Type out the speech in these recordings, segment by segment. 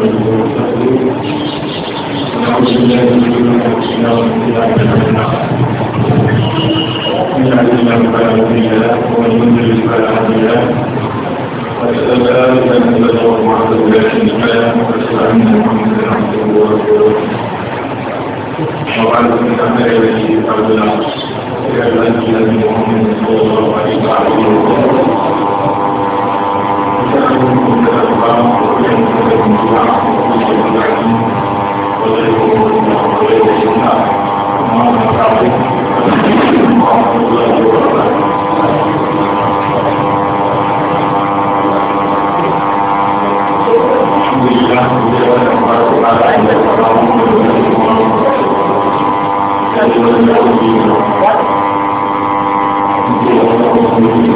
آله وصحبه ونعوذ بالله من شرور أنفسنا ومن سيئات أعمالنا من يهده الله فلا مضل له ومن يضلل فلا هادي له وأشهد أن لا إله إلا الله وحده لا شريك له وأشهد أن محمدا عبده ورسوله وبعد من أمر الذي قبلنا إلى الذي محمد صلى الله عليه وسلم 为了祖国的解放，为了人民的利益，为了共产主义的胜利，为了共产主义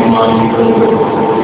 的胜利。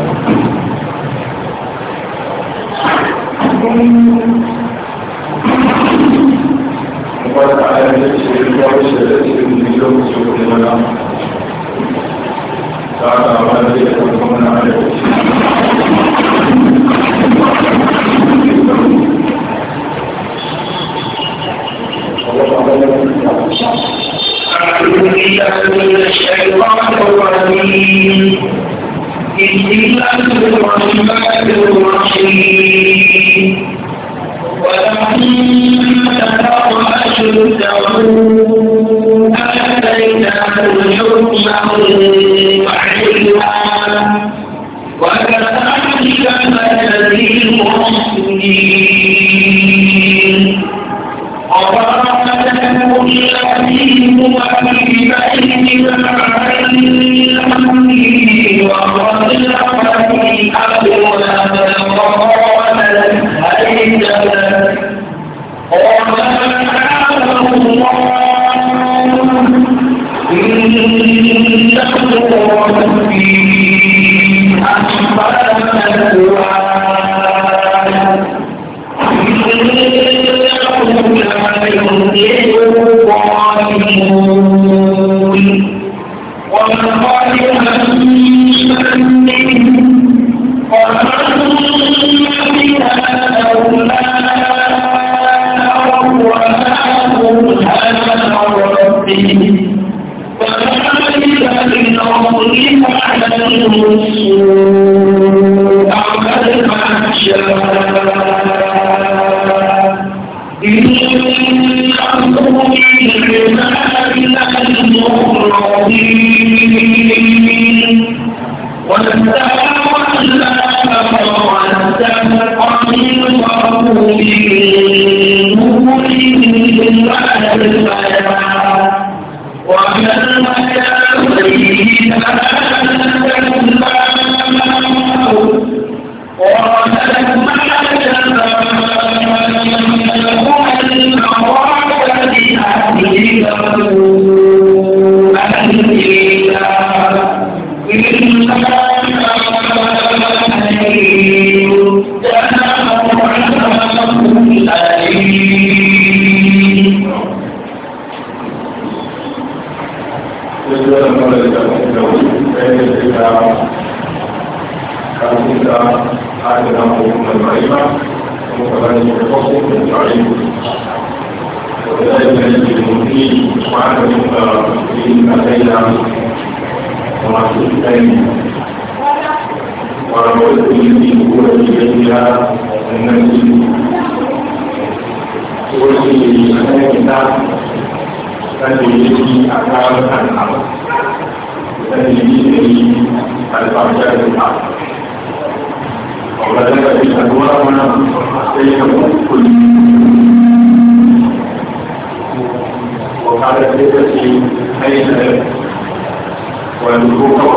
you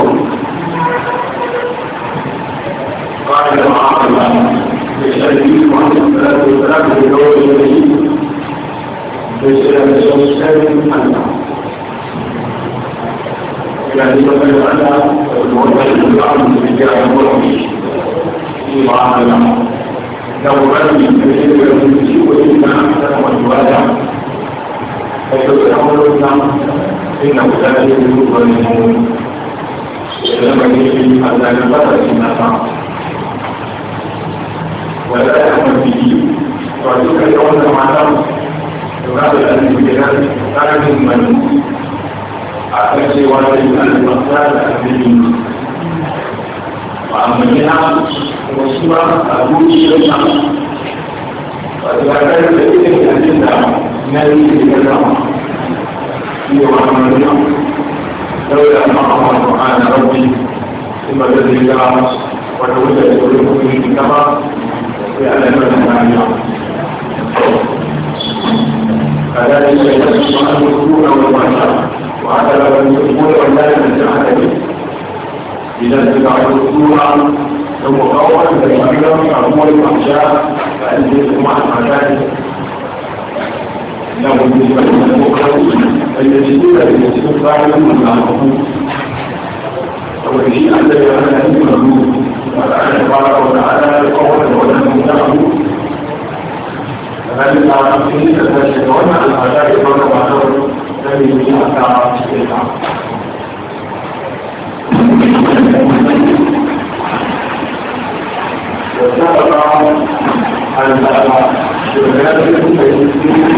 القوم قال جماعة الله بالتأكيد محمد صلى الله عليه وسلم بدور النبي بسلام الشمسين أنه يعني مثلا أنا الموضوع اللي بعمل في الجامعة المرمي في معاهد الأمر لو رمي بسلام الشمسين وإن أحسن والواجع فيقول أمر الإسلام إنه لا يجوز المؤمن ولما يجري على البطل النفع ولا يحمل به وعدوك يوم معلم يراد أن يجري قائد منوس على سواد المقدار الأمين وعن منها وصورة أبوك يوم وذكر الذين يتنزع ما يجري لهم في وعن منهم لولا أن أمر سبحان ربي ثم الذي جاء وتولى يقولون به كما لأن من ما فذلك يجب أن يكون والمعنى وعدم المسلمون ولا يمتعن به إذا اتبع الأسطورة ثم قولا فإن أمر أمور الأحشاء فأنزلكم عن مكانه فليجدون لنفسهم فاعلا من معهم وفي أن يعمل المخلوق وتعالى تبارك وتعالى قولا ولم يدعوا فهل تعرفين تتشكون عن عذاب الله وعذاب الذي يجعل تعرف وسبق أن شغلات المسلمين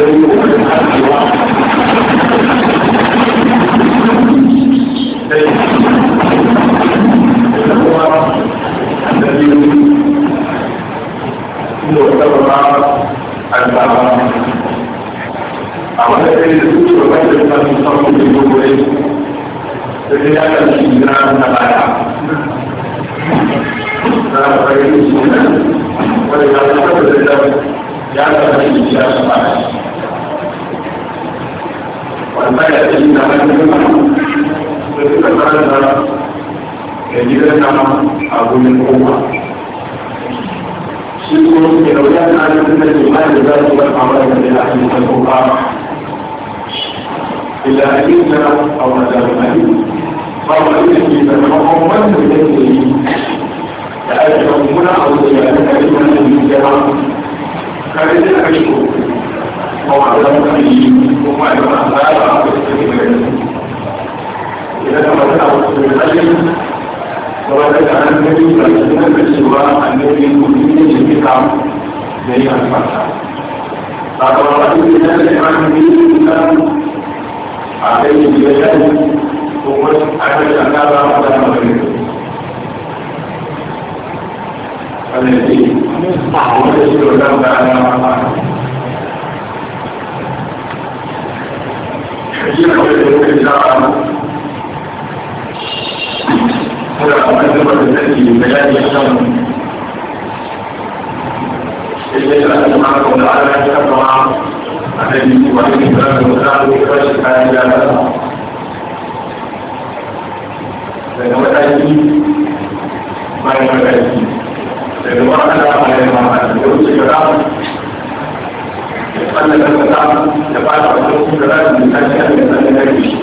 very important. الإسلام هنا مؤثرة التي ببيان الإسلام إليه سبحانه وتعالى شرع النبي عليه الصلاة والسلام وشرع إلى هذا فهو تأتي ما ينبغي لأنه ما أنا ما ينبغي أن الإسلام يفعل عدوه ثلاث من أجل أن يتنجيش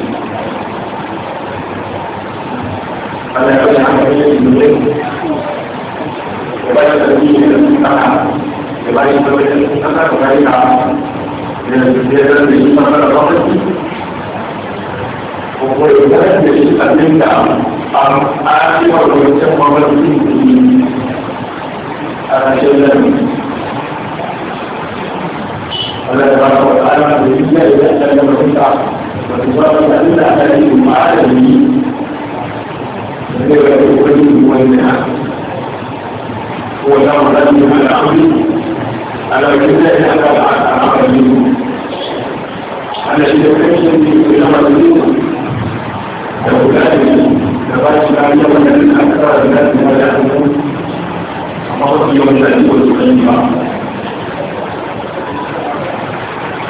أن يكون عملية من وبعد تنجيش من المجتمع وبعد تنجيش من المجتمع وبعد لأن الإسلام الرقم وهو يبدأ بالإسلام عن آخر ويتم مرسل به على شيء ولا تبارك وتعالى بالله إذا أسلم الرفع وتبارك إلا أهلهم عالمين فكيف يكون والنهار هو دار الأمن على عبده على بالله على عبده على شدة إلى ربه لأولاده لقد كان يوم من أكثر الناس ولا أنهم فقط يوم الأمن والسلام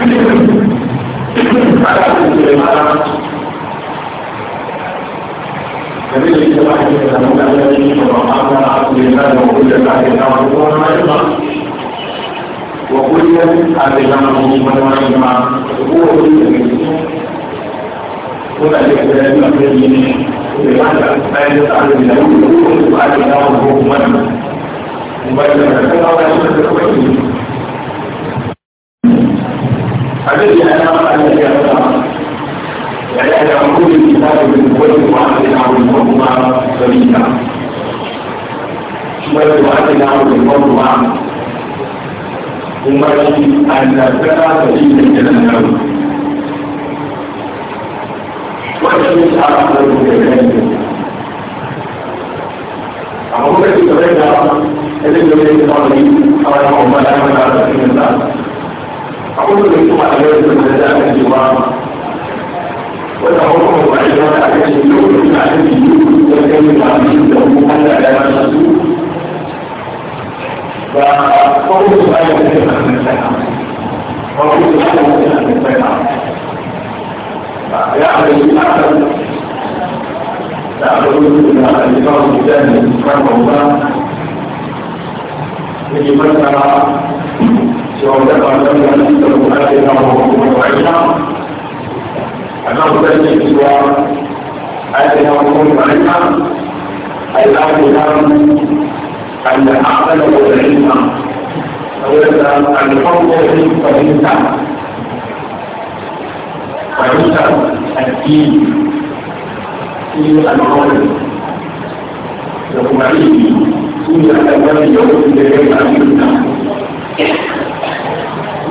وكل أبيانه من وعيما هو كل هنا الإسلام الذي لماذا لا يسأل من يوم وأبيانه من وعيما وبين ذلك لا يسأل فالذي أنا أن يفهم يعني أنا أقول الكتاب بالقوة وأعطينا بالمرضى سبيلا شوية وأعطينا بالمرضى ثم أن نبتلى سبيلا إلى النوم وأشهد على أنه كذلك أقول لك كذلك الذي يريد أن يقول أنا أعمل أنا أعمل أنا أعمل أقول لكم على ذلك المدى الجوار وتحرم بعيدا على اليوم مع اليوم وكيف عمله حتى لا يشكو فقول سؤال كلمة من السلام قول سؤال كلمة من السلام يعمل أحد تعبدون من الإمام الثاني رحمه الله يجب أن وذكر لنا نفسه آتنا وعينا أنه تجد سوى آتنا وعينا أي آتنا أن العقل والعلم الحب فهمت فهمت الدين في القول وكما في أن الذي يؤمن بالعلم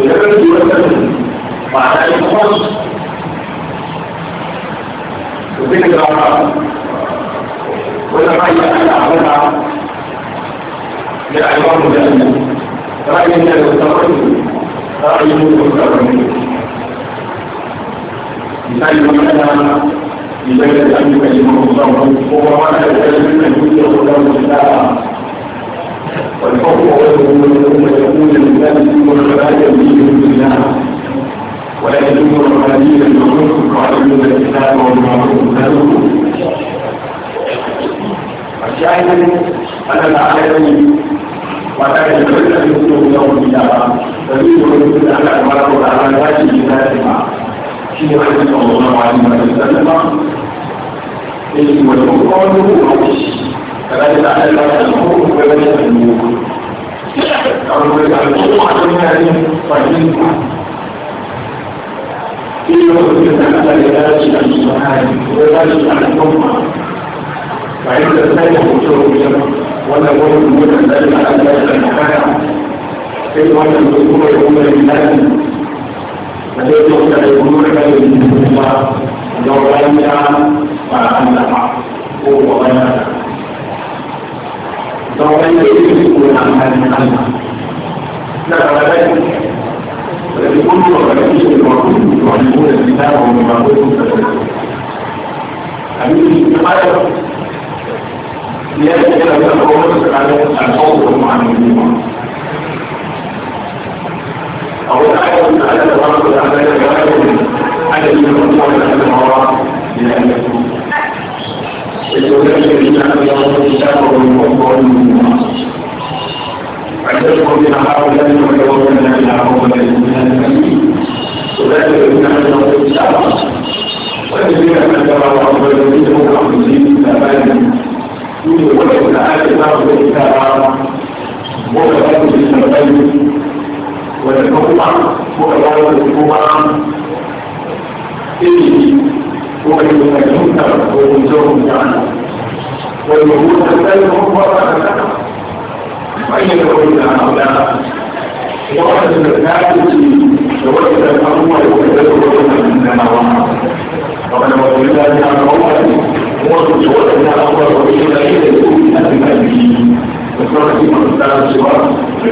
ولكن يوزن معناه الخمس وذكر العرب ولا رأي أن لأنه رأي أن يتقن رأي المتقن مثال من أنا لبيت أنك لمن الله وهو والحكم ويقول يقول الإنسان يكون خلايا بإذن الله ولا يكون الخليل الكتاب والمعروف نزله أن العالمين وكان يقول يكون يوم القيامة فبيه أن المرأة على واجب ذاتها في رحمة الله عليه وسلم إنه يقول فلا يتعلق الخلق ببدء الملوك أعوذ بالله من الشيطان فعند ذلك وجوه الجنة ولا وجه من ذلك على ذلك المحاكم في وجه الدخول يوم الإنسان الذي يقتل الأمور من الله لو لم يعلم فعلم هو غيره طبعا يكون عن هذه الحالة لا على ولكن كل الرئيس المعروف يعلمون الكتاب والمعروف أمين الكتاب لأجل أن تتوقف على الصوت والمعلمين أو تعالى على الأمر على الأمر على الأمر على الأمر ويذكر بما حاول ان يتوكل على عقوبه الانسان الامين وذلك بما حاول ان يتوكل ويذكر ان ترى رب الذين هم عبدين تماما يقول تعالى بعض الكتاب وكفاته بالتمام والحكمه وكفاته بالحكمه ومن المنكر ومنزوهم جعله واليهود تسألهم مرة أكثر فأين الوجود عن أولاد وقد الناس وجد الأمر وكذبه إنما وقع وقد وجدنا عن أولاد وقد وجدنا أمر وإلا إلى الأمة المالية وصارت المختار سواء في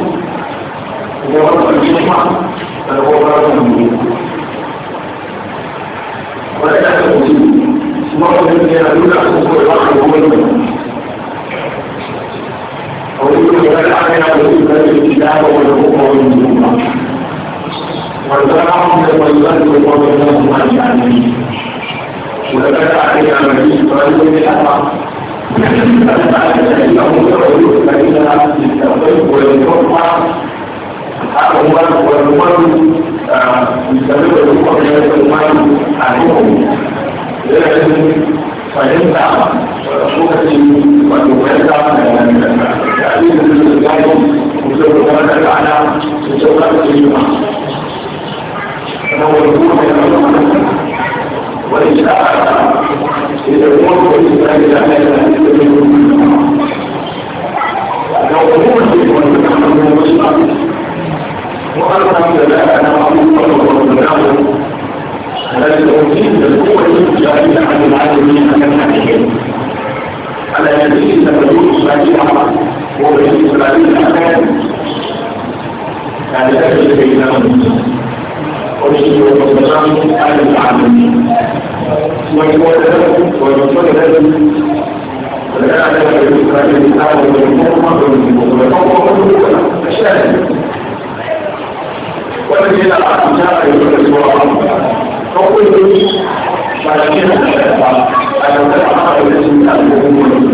ọ̀rẹ́ sí àgbẹ̀wò wọn.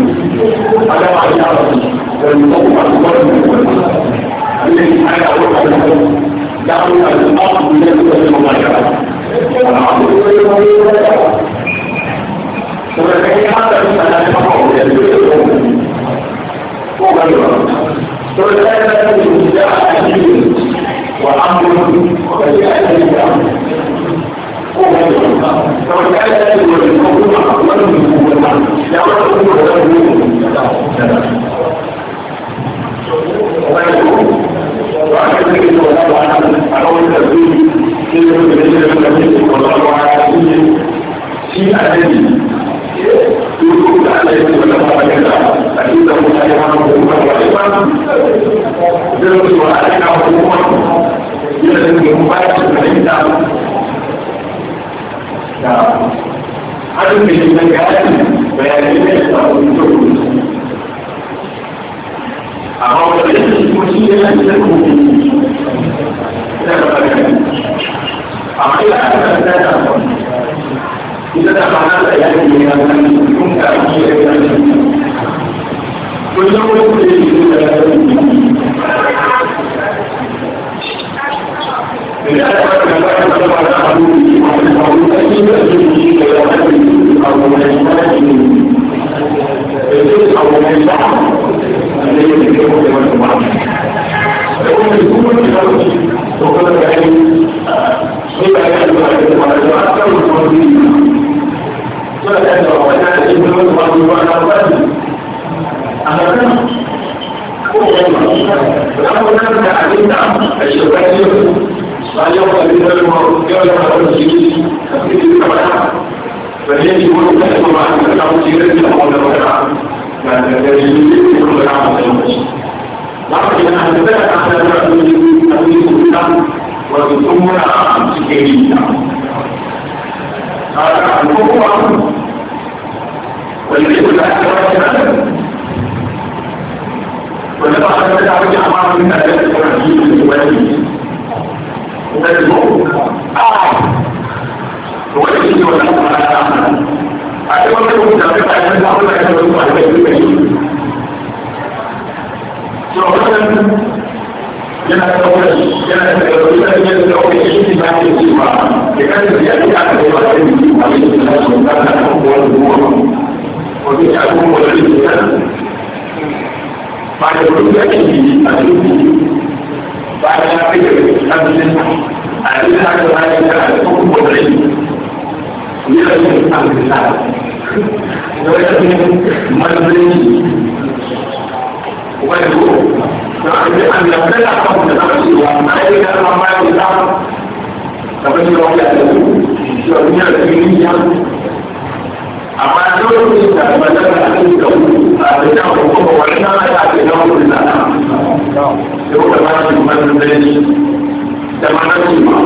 da ma na ci ma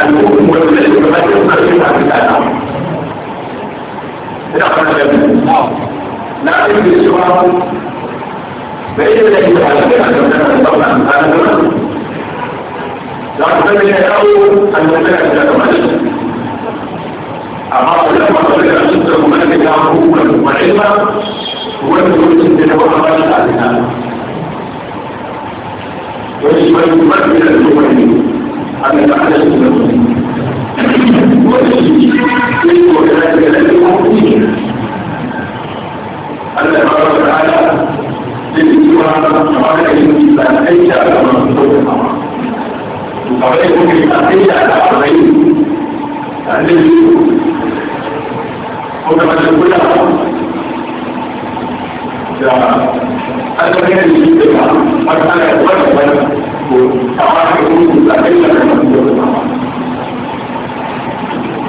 al'ukun wani da shi ba ta kuma shi ba ta dana ina fara da na ɗin da shi ba da ita da shi ba ta da ta da ta ba ta da ta za ku zama ya kawo annabawa da ta mace amma kula ma kula da su da kuma da ta kuma da kuma ilma wani lokacin da ta ba ta ba ta da ta ويشمل مبدل المؤمنين على بعد المؤمنين والتشجيع وكذلك للمؤمنين أن الله تعالى للإسلام قال إن أتيت على مرسول وقريبك أتيت على أربعين الذي هو كما تقول الذين يجيبك فكان يتغلب وتعرف يقول لا إلا كما تقول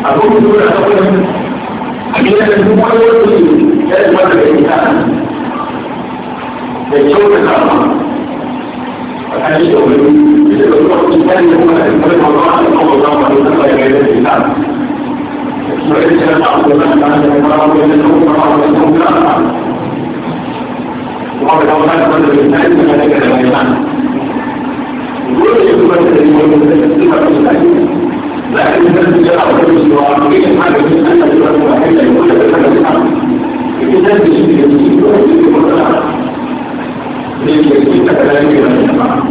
أقول لك أقول أمير المؤمنين يجب أن الإنسان يجوز الأمر فالحديث يقول يجب أن يكون الإنسان يكون المؤمن والله أن يكون الله أن يكون الإنسان وإذا كان الله أن يكون الله أن يكون الله وقد أوضح قدر الإنسان فذلك الأيمان كل يقبل لكن الذي يرى الرجل وعقيده حاجة من أن الرجل واحد يقول لك هذا الحق الكتاب يجب أن يكون لك لأن يجب أن يكون لك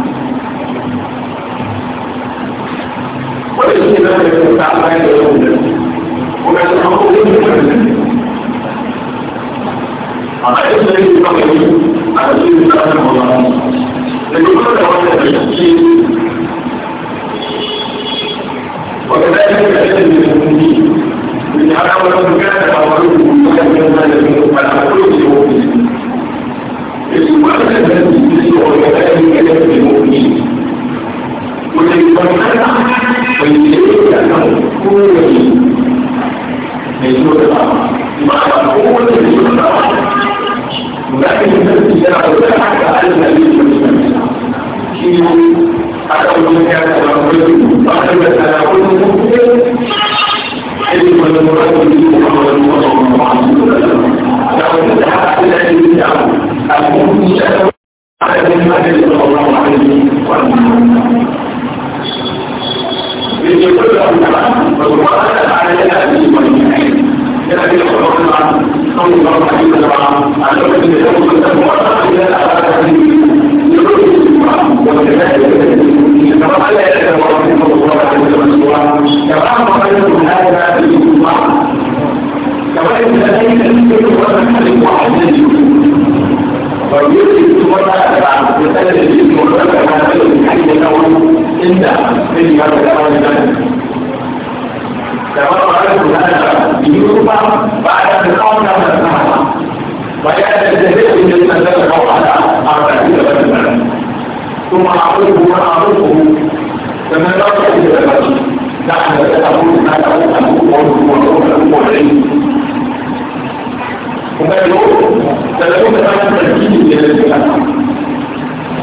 ثم أعرفه وأعرفه فما لا تقول لك نحن لا تقول ما تقول أقول وأقول أقول العلم وما يقول فلابد أن تجيب إلى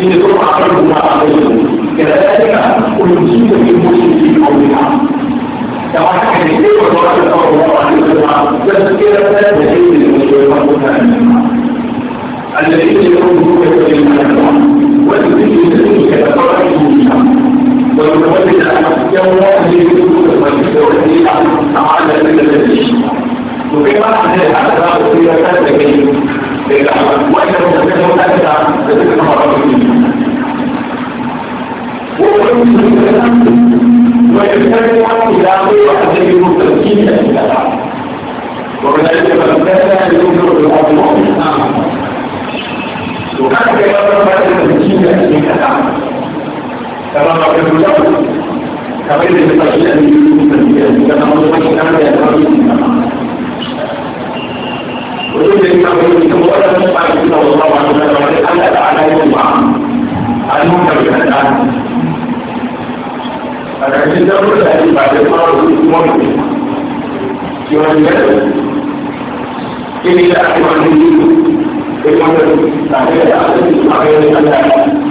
إن ثم أعرفه وأعرفه كذلك أنجيب في المسلمين قولها كما الله عليه وسلم الذين يقولون ويتولد يوم واحد يكون ويتولد على كل ذلك وكما حدث على ذلك في ثلاثة كلمة وإنه كان مؤثرا بذلك المرات ويحتاج إلى غير أهل المتركين وكذلك من كان ينظر إلى الأرض وكان كما تبقى المسكين في الكلام كما قدرت له كما إذا تقول أن يكون كما قدرت أن يكون وجود الإمام ابن ولا تسمع صلى الله عليه وسلم أن على يوم المنكر الآن لكن دور الأهل بعد المرض ممكن يوم الجلد إلا أحوال الدين في المنكر تعليل أحد الإسماعيل الآن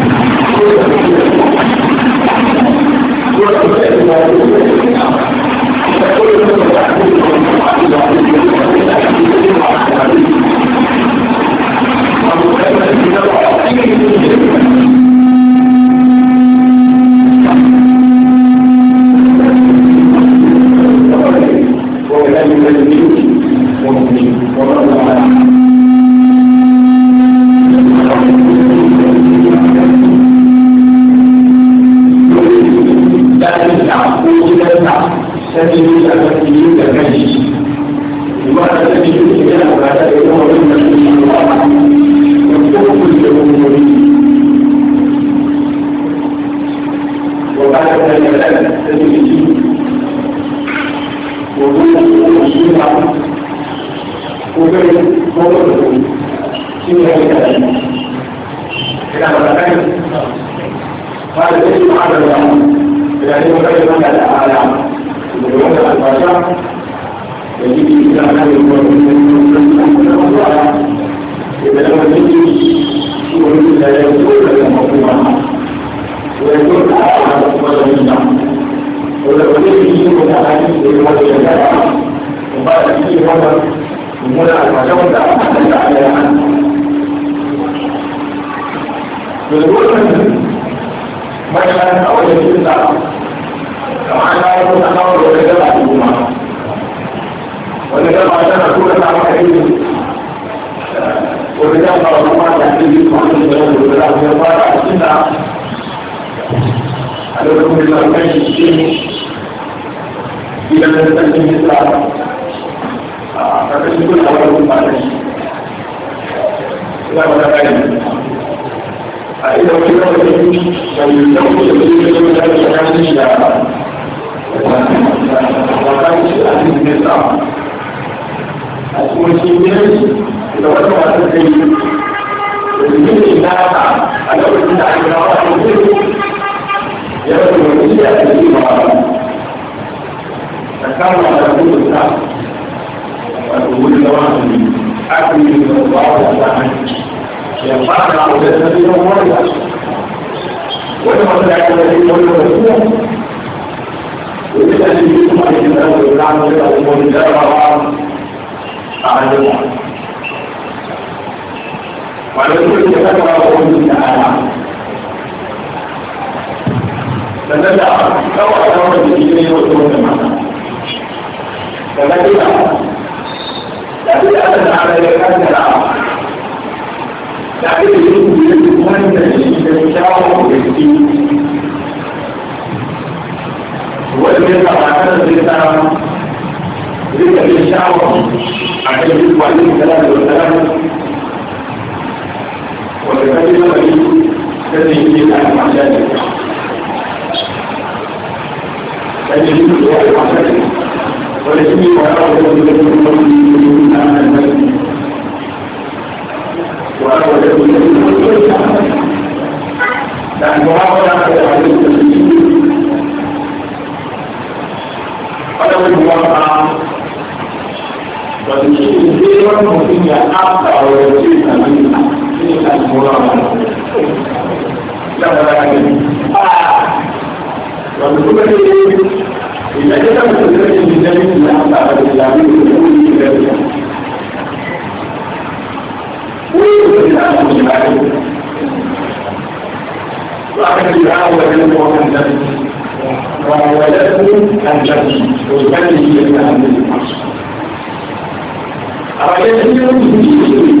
محمد صلى الله عليه وسلم قال أحسنا ألوكم بالأركان الشيخ إلى أن تستخدم الإسلام فكشف كل أولكم ما تشرك لا ولا غير فإذا كنا نقول فلنقول بالإسلام لا يشكل الشيطان وكان الشيطان من الإسلام أسمو الشيطان إذا وقفت على السيد ويجب النافع أنه أن يكون يبدو الوسيلة التي مرارا ذكرنا تقول الناس وتقول لوازم أكل من الله وسعنا ينفعنا عودتنا في أمورنا ولما سمعت الذي يقول الرسول وإذا أن يكون الله يجب أن يكون الله يجب أن يكون الله وعلى ويقول ذكر قوله تعالى فبدا سوى دور الجبين والدور المعنى فبدا لكن ابدا على الكلام لكن يجب ان يكون الجبين والذي تعالى بالكلام ذكر الشعر عليه الصلاه والسلام وتكلم به الذي يجب عن المعجزة الذي يجب عن المعجزة والذي يقرأه الذي يقرأه عن المسجد وأرى الذي يقرأه عن المسجد لأن مراقبة على المسجد ولو الموافقة وتشير الزيرة ممكن أن أبقى ويجب أن أبقى فيها المرامة لا لا والكتب إذا كتب الكتب من ذلك ما أعطاه الإسلامي يقول لي ذلك ويقول لك المجمعين وأخذ الدعاء وكلمة وكان ذلك وولدته الجنة وبني هي الأهل المعصوم أرأيت أن يكون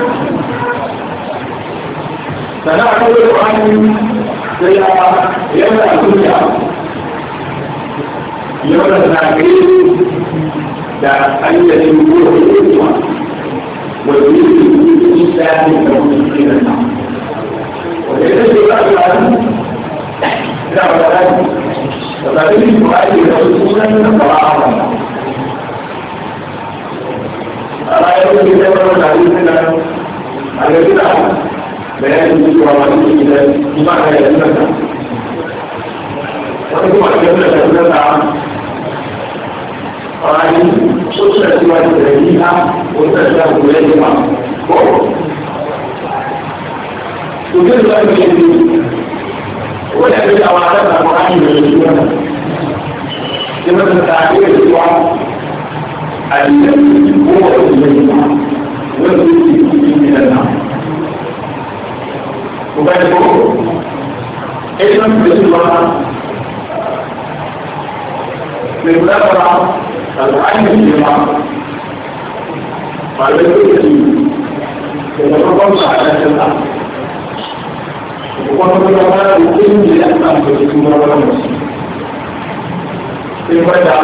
فنعتبر أن هي يبدأ كل يبدأ التعبير أن يكون الإنسان ويريد الإنسان أن يكون في النار وليس أجلا لا ولا فبالتالي يؤدي إلى وصولا من الضراعة ألا يكون في النار الذي لا بيان الذكر والذكر إلى بمعنى يتمتع وتجمع الجملة تتمتع قرآن سلسلة وتدريبها وتشبه إليهما وجد لك الجديد ولا بد أو عدم القرآن من الجنة كما تتعبير الدعاء الذي هو الجنة والذي من النار bukan itu Islam berjumpa Menggunakan Al-Quran berjumpa Pada itu berjumpa Dengan berjumpa ada tentang Bukan berjumpa mungkin tidak akan berjumpa orang muslim Daripada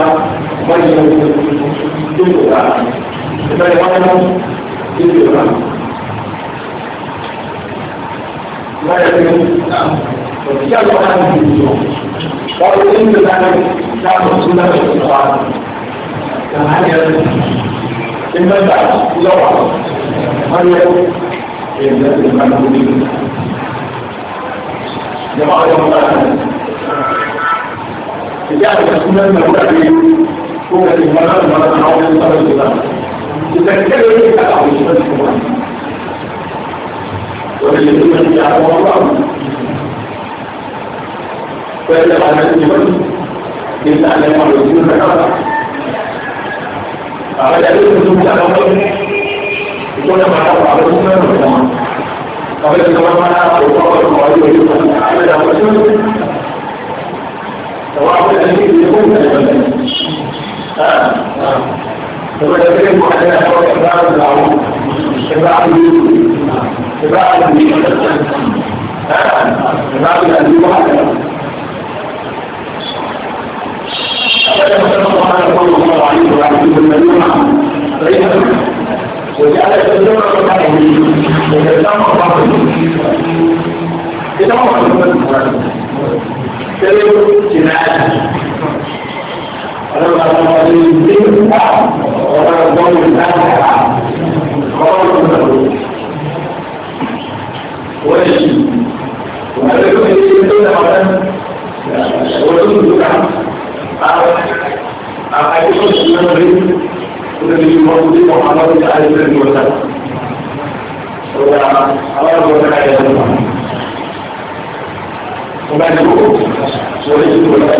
Majlis Itu Itu Itu Itu Itu Itu لا يكون وكيف هذا اليوم قالوا إن ذلك كان سنة القرآن كما هي إن بعد لو هل يكون إلا المعلومين جماعة يوم الآخر إجابة السنة المعلومين هو المرأة المرأة المرأة المرأة المرأة تذكرني كأعوذ بالله وللذين جعلوا الله فإذا على الجبل إلا أن يعرضون الحرب أعد عليكم سبحان الله يقول ما حرب عليكم من الجماعة قبل كما معنا وقال المعيد ويقول عمل الرسول سواء الأمير يكون الجبل ها ها فبدأ بهم على حرب بعض العروض كبعض اليوم سباق الأنبياء سباق الأنبياء وحده أبدا فسبق قال صلى الله عليه وسلم والنبي معه فإذا وجعل يتكلم عن حاله ويتكلم عن بعضه إذا ما هو كلمة جماعة ولما كان يريد ولا يضمن الآن قال ولا شيء وهذا كله يدل على ولكن نعم أعتقد أن الذي موجود محمد عليه الصلاة والسلام وعلى وعلى وبعد وليس ولا أقول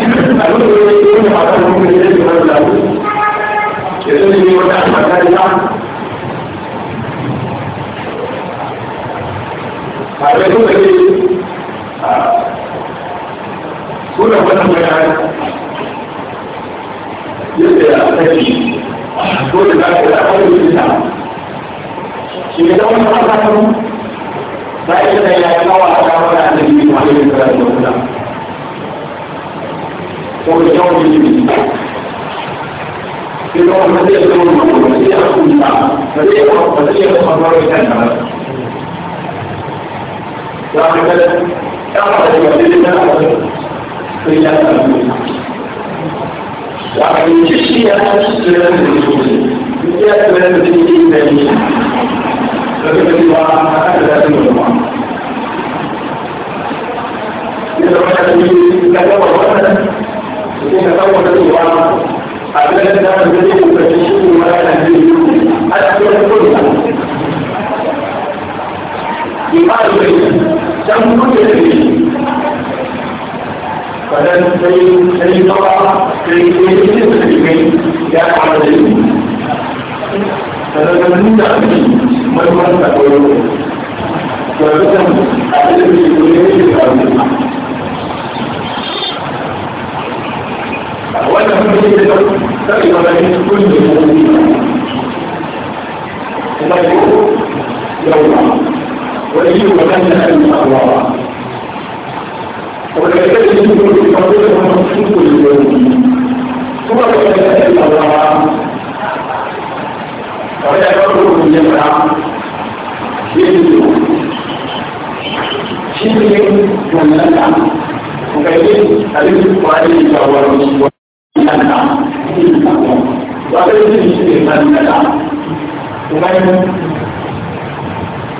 لك أن هذا هو الذي يدل على يدل على أن هذا kaɗai suka ce kuna wannan bayan yadda ya sake ko da za ka da wani rikita shi ne don wani kasar za a yi da ya kawo a kawo da ta yi wani rikita da wata ko da yawon rikita sai don wani zai zama wani rikita da wata da zai yi wani rikita da wata واحد بلد أحد يبدلنا في الأمن وعن الجشية أسلم الرسول يأتمن بدين إيمانية فبدأ الله أهلا من الله إذا كان من تدور وكنا تدور الله أبدا بدين فتشوف ولا تهديه أسلم كلها إيمان بينا جنب كل فلن سيطرع سيطرع يفعل فلن من من تقوله ولكن أعلم بكلية وأنا في تقريبا من كل مؤمن إنه يوم ويجب أن نسلم الله وكذلك يقول في قبولهم الصدق اليومي ثم يسأل الله ويأمره بالجمع يجب شبه مننا وكذلك ألف وعليه جواب وعليه شبه مننا وكذلك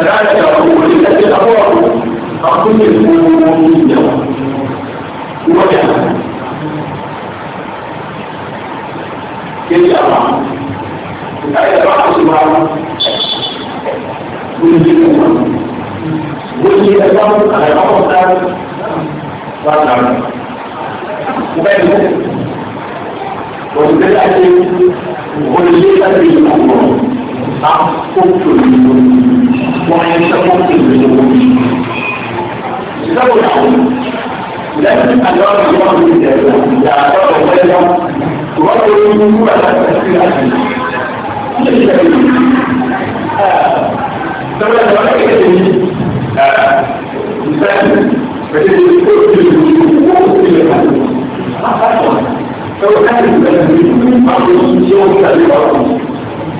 ذلك هو الذي أمره أقول المؤمنين وجهه كيف أمره الآية بعض سبحانه ويجب ويجي يتكلم على بعض الناس بعد العمل وبعد وبالتالي هو اللي يقدر يكون 啊，不准我们是不准的东西。你这么讲，你在按照你要理解的，也要懂得讲，主要就是出来的这个事情，这是可以。呃，那么什么原因？呃，你在而且是过去过去的很，啊，还好，都开始在你你把这个修起来就好了。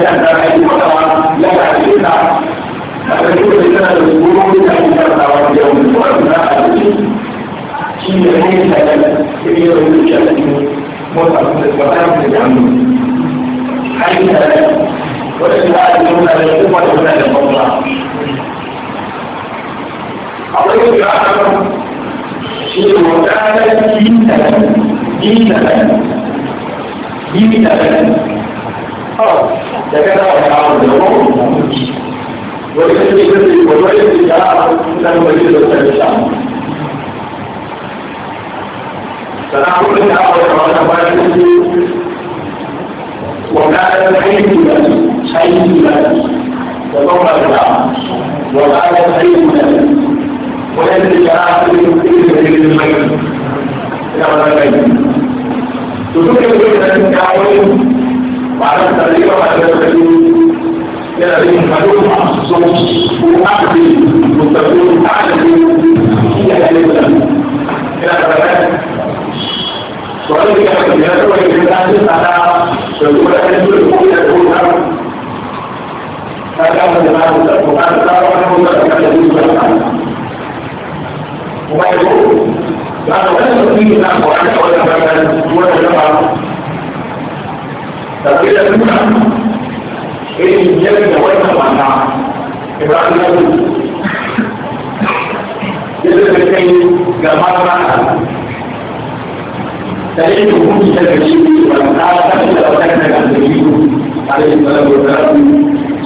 لكن أي مطلع لا يعجبنا أفكر لنا الأسبوع بنا إذا قرأت يوم وأبناء شيء ليس لنا في يوم الجنة مطلق وأنا بجنة حيث لنا ولكن هذا يوم لا يقوم ولا يقوم أقول لكم شيء وكان دينا دينا دينا خلاص ده كده هيتعرض لهم ولكن يجب الوضعية اللي يعرف انه يجب الشعب فنعرف ان اول رمضان واجب وكان حيث حيث تضمن الشعب وكان حيث ويجب الشعب في المجلس تذكر بأن التعاون ma'anar tarihi ba da ta yi yana da yin kado masu so ko akadi mutafi akadi iya da yin kado yana da kado Soalnya kita kerja sebagai generasi ada sebuah itu yang kurang saya mendengar bukan kalau bukan kita juga Bukan itu, kalau kita berpikir tentang orang-orang yang berada di luar negara, tapi dia benar. Jadi dia tidak boleh sama-sama. Kebalik itu. Jadi mereka ini tidak marah-marah. Jadi itu pun bisa kecil, tapi tidak berjalan dengan begitu. Ada yang dalam beberapa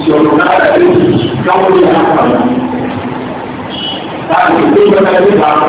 siapa ada itu, kamu lihat apa? Tapi itu berjalan dengan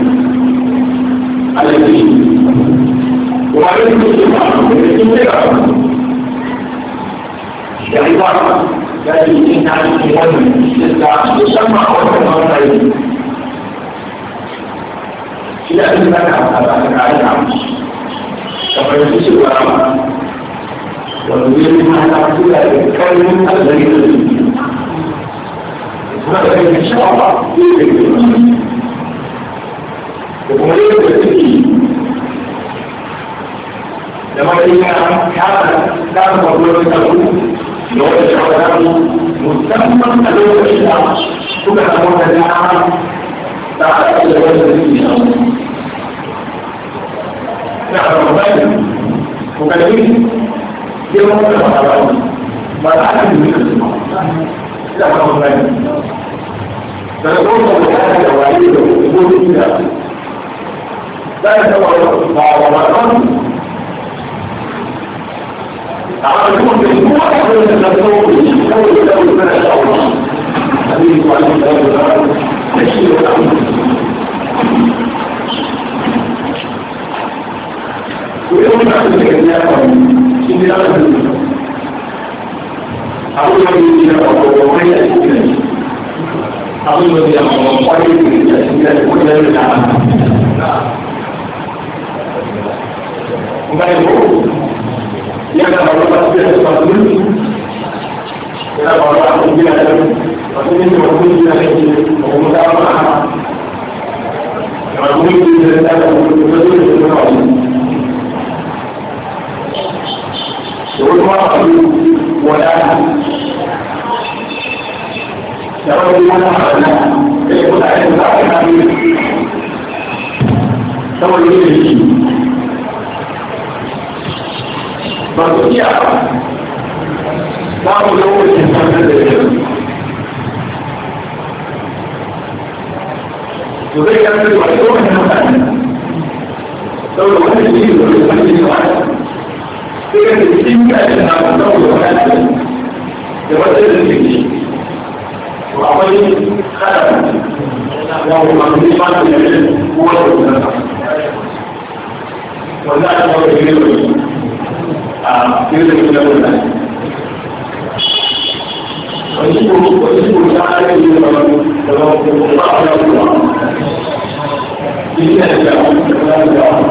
التي وعليكم السلام ولكن تقرأ العبارة التي يمكن أن تكون تسمى أول مرتين إلى أن تكون عليها فقد تسوى ونريد أن نقول الكلمة الذي هناك إن شاء الله da kuma yadda suke da mafiya kasa kasa kwakwalwar kasu da wata shawarar musamman a lokacin da suka samu da dama ta a ƙasar da wata suke na ramadan ko kalli yawan da ramadan ba za a yi da su ba ramadan da ramadan da ya da wani da gobe da su لا يتوقف معظمة عملكم بالجوع ويتنبهوا بالجوع لو من الأوضاع حبيب عليه الصلاة والسلام ويوم نحن وبقى يقول يبقى مرة تصبح المسؤول يبقى مرة أخذ بلا دم وكل انت موجود بلا شيء وهو متعامل معها موجود بلا الأدب ومتعامل بالمعروف يقول مرة ولا يقول لنا أخذنا يقول عليه الصلاة والسلام سوى الوجه ba su iya ba mu lokacin sanar da yanzu to zai kan da wani lokacin mutane saboda wani shi ne wani wani shi wani sai ka da cikin gashi na wani saboda wani shi da wata da ke shi to akwai kada ya kuma ne ba su ne ko wata da wani wanda aka kawo da ne 啊，就是这个意思。我西部，我西部现在就是什么什么五八幺六，一线的，一线的。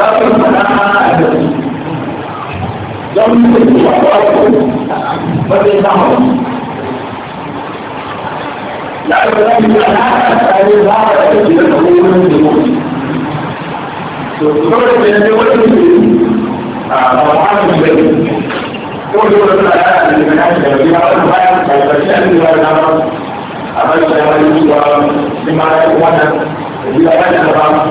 لا تنسى لم يكن فلنهم لأن الناس الإدارة يدخلون الموت تذكر من يوجد طبعاً الشيء كل الآن من أجل بها الغاية فالبشأن والنار أبشر والنار لما يكون بها الغاية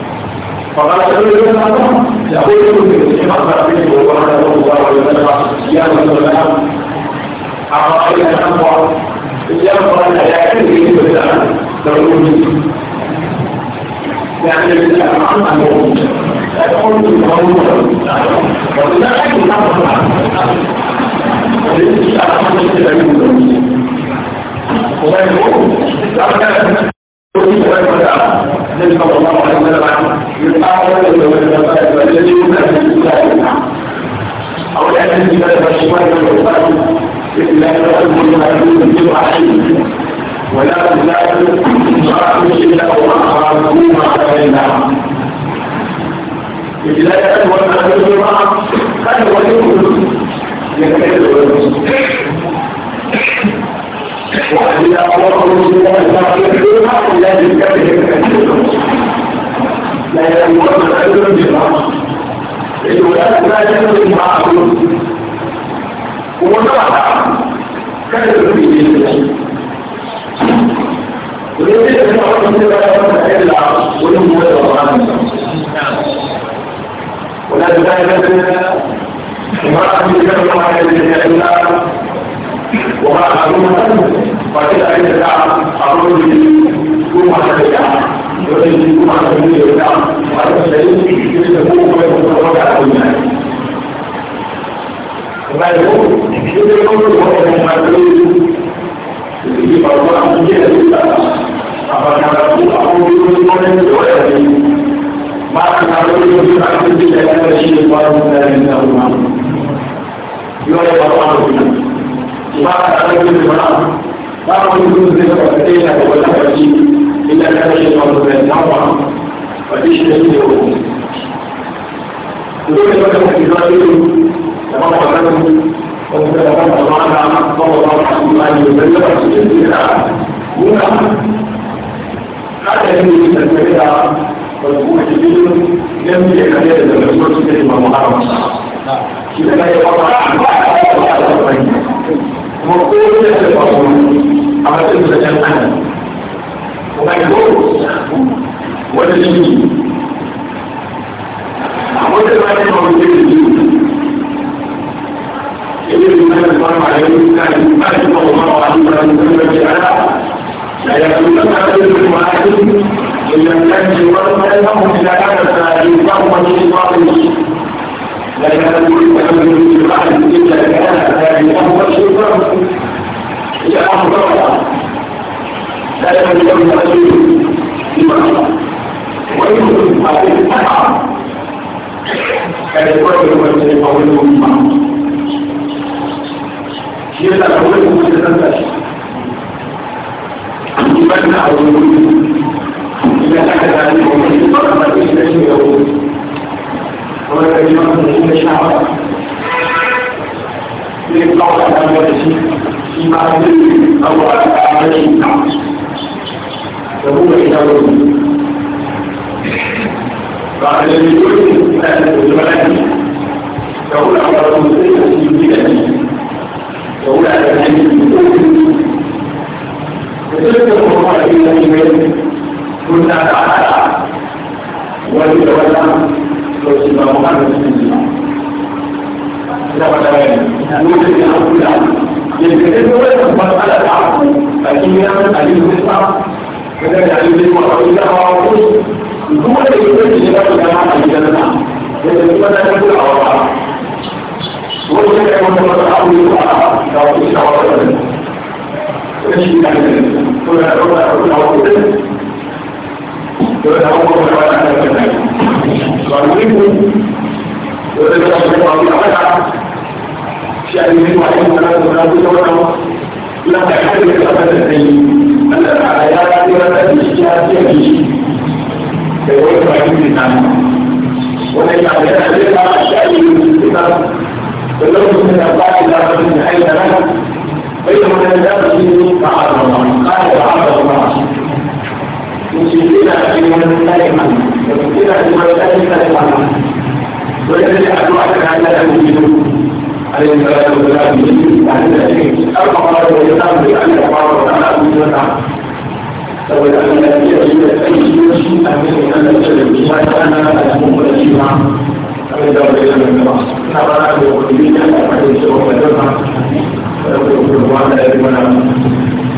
فقال كل يوم يقول كل يوم أخبر به وقال له الله عليه وسلم يا رسول الله أرأيت الأمر يرضى أن لا يكذب بالله ضروري يعني الإسلام عما هو لا يقول بالمعروف ولا يكذب بالله ولا يقول Gracias. عندك إلا وما أعلم وكذا عندك أعلم كما تبدع وإن كما تبدع وأنت سيد يستمر ويتفرج على كل ما وما يقول إذا يقول وهو ما يقول يجب أن يكون جهة apakah aku aku itu boleh doa maka kalau itu aku tidak ada siapa yang dari rumah yóò yẹ bàbá wọn lòdì ìbá àtàlẹ́ tó ti bàbá báwo ni tó ti bàbá tẹ́lẹ̀ ní àgbẹ̀wò náà ti ilé ẹ̀ka ṣe sọ̀rọ̀ rẹ̀ náwà pàdé ṣe ní ìwò. Ìwé ìjọba ti ti lọ sí ìjọba wọn lẹ́nu ọ̀sẹ̀ ọ̀gá bàbá ńlá bọ́wọ́ bá wà sí ìlànà ìwé ìjọba ti ti ti rà wúrà. Káàdì ẹni ìṣẹ̀lẹ̀ rà pẹ̀lú ìdílé lẹ́nu ìyẹ̀kẹ́ ẹ̀dẹ̀gbẹ̀rẹ̀ tó ti tẹ̀lé màmú àrùn. مقول للفضل على تلك الأمل ومجهول والدين أقول لما يجب في الدين إذن الله سبحانه عليه كان يبارك الله عليه وسلم لا يكون هذا المعاصي إلا أن يكون لهم إلى أن يكون من الله لا يكون تحمل بالعقل إلا كان ذلك هو الشيطان هي أمر لا يكون له تحمل بالعقل ويمكن عليه الأعراض كالإخوان والذين قولهم معه يبدأ قولهم متزلزل يبدأ قولهم إذا أحد عليهم فقط يستشيره ولا كلمات من الشعب يطلع على نفسه في معدل أو على عمله فهو كتاب بعد ذلك أهل الزمان يقول على المسلمين في بلده يقول على الحديث وتلك القرآن إلى الإيمان كنا تعالى ولتولى lokacin ba mu hana cikin jina ina ba da yana lokacin da an kula yadda ka zai wani babban ala da aku a kimiyyar aliyu zai sa kada da aliyu zai ma kawai da hawa ko duk wanda ya zai jina ba da hana gidan sa yadda duk wanda ya kula a wata wani ya kai wata wata abu ya kula da wata shawara da ne. Kuma shi ne da ne. Kuma da wata wata wata يقول هو هو انا كمان فالمهم يقول لك انا ما بعرف شيء من واحد من الناس ولا بيقول لا تحتاج الى ابدا انا الحياه ولا تشتاق لي يقول لك انا ولكن على ذلك شيء من فلو من الباقي لا بد من حيث لنا بينما الناس قال الله قال الله مشكلة في مستلمة مشكلة في مستلمة ويجب أن نعرف أن لا يوجد عليه الصلاة والسلام من أهل العلم أربع مرات ويتعب بأن أخبار وتعالى من وتعالى فإذا أن الذي يجب أن يجب أن يجب أن أكون مجمع فإذا بين من الرأس نرى أن يقولون أن أكون مجمع فيقولون أن أكون مجمع